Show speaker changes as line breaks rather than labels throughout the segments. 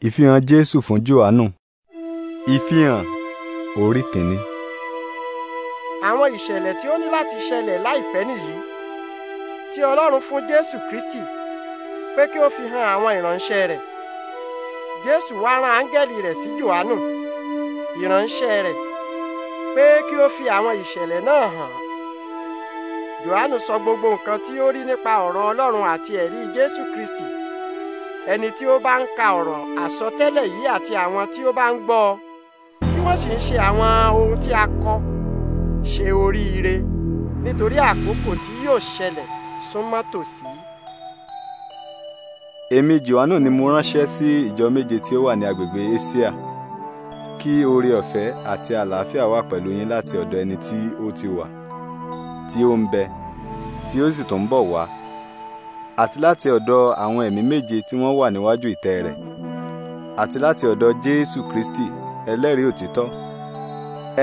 ìfihàn jésù fún johanu ìfihàn orí kìíní.
àwọn ìṣẹ̀lẹ̀ tí ó ní láti ṣẹlẹ̀ láìpẹ́ nìyí tí ọlọ́run fún jésù kristi pé kí ó fi hàn àwọn ìránṣẹ́ rẹ̀ jésù wá rán áńgẹ́lì rẹ̀ sí johanu ìránṣẹ́ rẹ̀ pé kí ó fi àwọn ìṣẹ̀lẹ̀ náà hàn johanu sọ gbogbo nǹkan tí ó rí nípa ọ̀rọ̀ ọlọ́run àti ẹ̀rí jésù kristi ẹni tí ó bá ń ka ọ̀rọ̀ àsọtẹ́lẹ̀ yìí àti àwọn tí ó bá ń gbọ́ ọ tí wọ́n sì ń ṣe àwọn ohun tí a kọ ṣe oríire nítorí àkókò tí yóò ṣẹlẹ̀ súnmọ́ tòsí.
èmi Jòhánù ni mo ránṣẹ́ sí ìjọ méje tí ó wà ní agbègbè Asia kí oore ọ̀fẹ́ àti àlàáfíà wà pẹ̀lú yín láti ọ̀dọ̀ ẹni tí ó ti wà tí ó ń bẹ tí ó sì tún bọ̀ wá àti láti ọ̀dọ̀ àwọn ẹ̀mí méje tí wọ́n wà níwájú ìtẹ́ rẹ̀ àti láti ọ̀dọ̀ Jésù Kristi ẹlẹ́rìí òtítọ́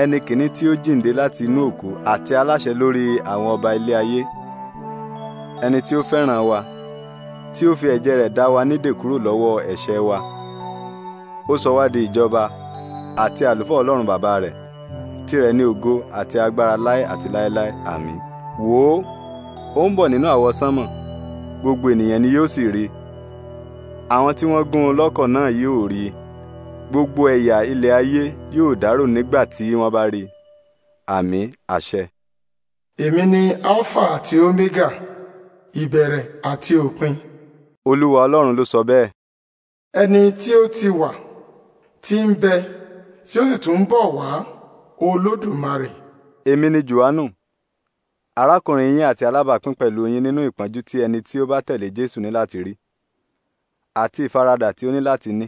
ẹni kìíní tí ó jíǹde láti inú òkú àti aláṣẹ lórí àwọn ọba ilé ayé ẹni tí ó fẹ́ràn wa tí ó fi ẹ̀jẹ̀ rẹ̀ dá wa nídè kúrò lọ́wọ́ ẹ̀ṣẹ̀ wa ó sọ wá di ìjọba àti àlùfọ́ Ọlọ́run bàbá rẹ̀ tirẹ̀ ní ògo àti agbára láé àti láéláé àmín wò ó ó ń bọ̀ nínú àwọsánmọ̀ gbogbo ènìyàn ni yóò sì rí i àwọn tí wọ́n gún un lọ́kọ̀ náà yóò rí i gbogbo ẹ̀yà ilẹ̀ ayé yóò dárò nígbà tí wọ́n bá rí i àṣẹ.
èmi ni alpha àti omega ìbẹ̀rẹ̀ àti òpin.
olúwa ọlọ́run ló sọ bẹ́ẹ̀. ẹni tí ó ti wà tí ń bẹ tí ó sì tún ń bọ̀ wá olódùmarè. èmi ni johannu arákùnrin yín àti alábàápín pẹ̀lú yín nínú ìpọ́njú tí ẹni tí ó bá tẹ̀lé Jésù ní láti rí àti ìfaradà tí ó ní láti ní.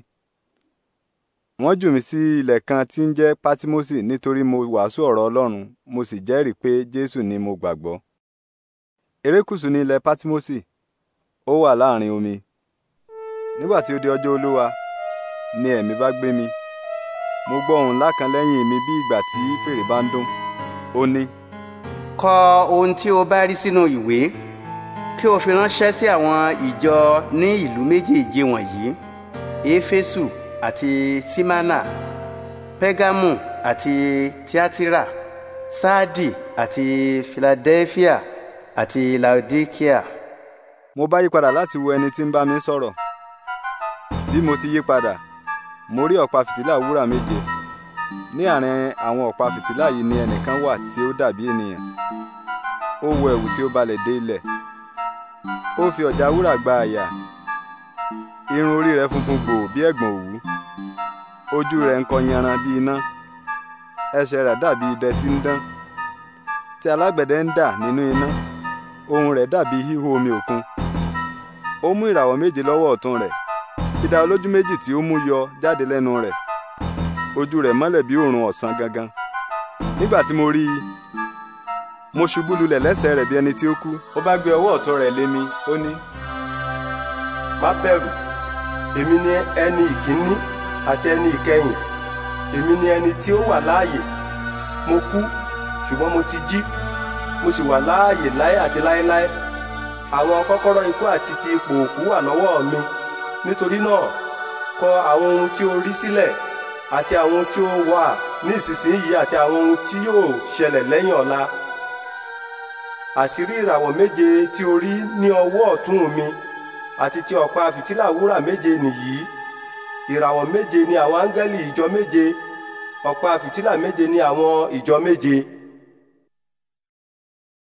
Wọ́n jù mí sí ilẹ̀ kan tí ń jẹ́ Pátímọ́sì nítorí mo wàásù ọ̀rọ̀ Ọlọ́run mo sì jẹ́rìí pé Jésù ni mo gbàgbọ́. Erékùṣù ní ilẹ̀ Pátímọ́sì ó wà láàrin omi. Nígbà tí ó di ọjọ́ Olúwa ni ẹ̀mí bá gbé mi. Mo gbọ́ ohùn ńlá kan lẹ́yìn mi bí ìgbà tí
fèrè bá ń dún. Ó ní kọ ohun tí o bá rí sínú ìwé kí o fi ránṣẹ́ sí àwọn ìjọ ní ìlú méjèèje wọ̀nyí éfésù àti símánà pẹ́gámù àti tíátírà sáàdì àti filadelfia àti laodikia. mo bá yí padà láti wo ẹni tí ń bá mi sọ̀rọ̀ bí mo
ti yí padà mo rí ọ̀pá fìtílà wúrà méje ní àárín àwọn ọ̀pá fìtílà yìí ni ẹnìkan wà tí ó dàbí ènìyàn ó wọ ẹ̀wù tí ó balẹ̀ dé ilẹ̀ ó fi ọ̀já wúrà gba àyà irun orí rẹ̀ funfun gbòò bí ẹ̀gbọ̀n òwú ojú rẹ̀ ń kọ yanran bí iná ẹsẹ̀ rẹ̀ dàbí idẹ tí ń dán tí alágbẹ̀dẹ ń dà nínú iná ohùn rẹ̀ dàbí híhó omi òkun ó mú ìràwọ̀ méje lọ́wọ́ ọ̀tún rẹ̀ idà olójú méjì tí ó mú yọ jáde lẹ́nu rẹ̀ ojú rẹ̀ mọ́lẹ̀ bí òòrùn ọ̀sán gangan nígbà tí mo rí i mo ṣubú lulẹ̀ lẹ́sẹ̀ rẹ̀ bí ẹni tí ó kú ó bá gbé ọwọ́
ọ̀tọ́ rẹ̀ lé mi ó ní. má bẹ̀rù èmi ni ẹni ìkíní àti ẹni ìkẹyìn èmi ni ẹni tí ó wà láàyè mo kú ṣùgbọ́n mo ti jí mo sì wà láàyè láé àti láéláé àwọn kọ́kọ́rọ́ ikú àti ti ipò òkú wà lọ́wọ́ mi nítorí náà kọ àwọn ohun tí o rí sílẹ̀ àti àwọn ohun tí ó wà ní ìsinsìnyí àti àwọn ohun tí yóò ṣẹlẹ̀ lẹ́yìn ọ̀la àṣírí ìràwọ̀ méje tí o rí ní ọwọ́ ọ̀tún mi àti ti ọ̀pá fìtílà wúrà méje nìyí ìràwọ̀ méje ni àwọn áńgẹ́lì ìjọ méje ọ̀pá fìtílà méje ni àwọn ìjọ méje.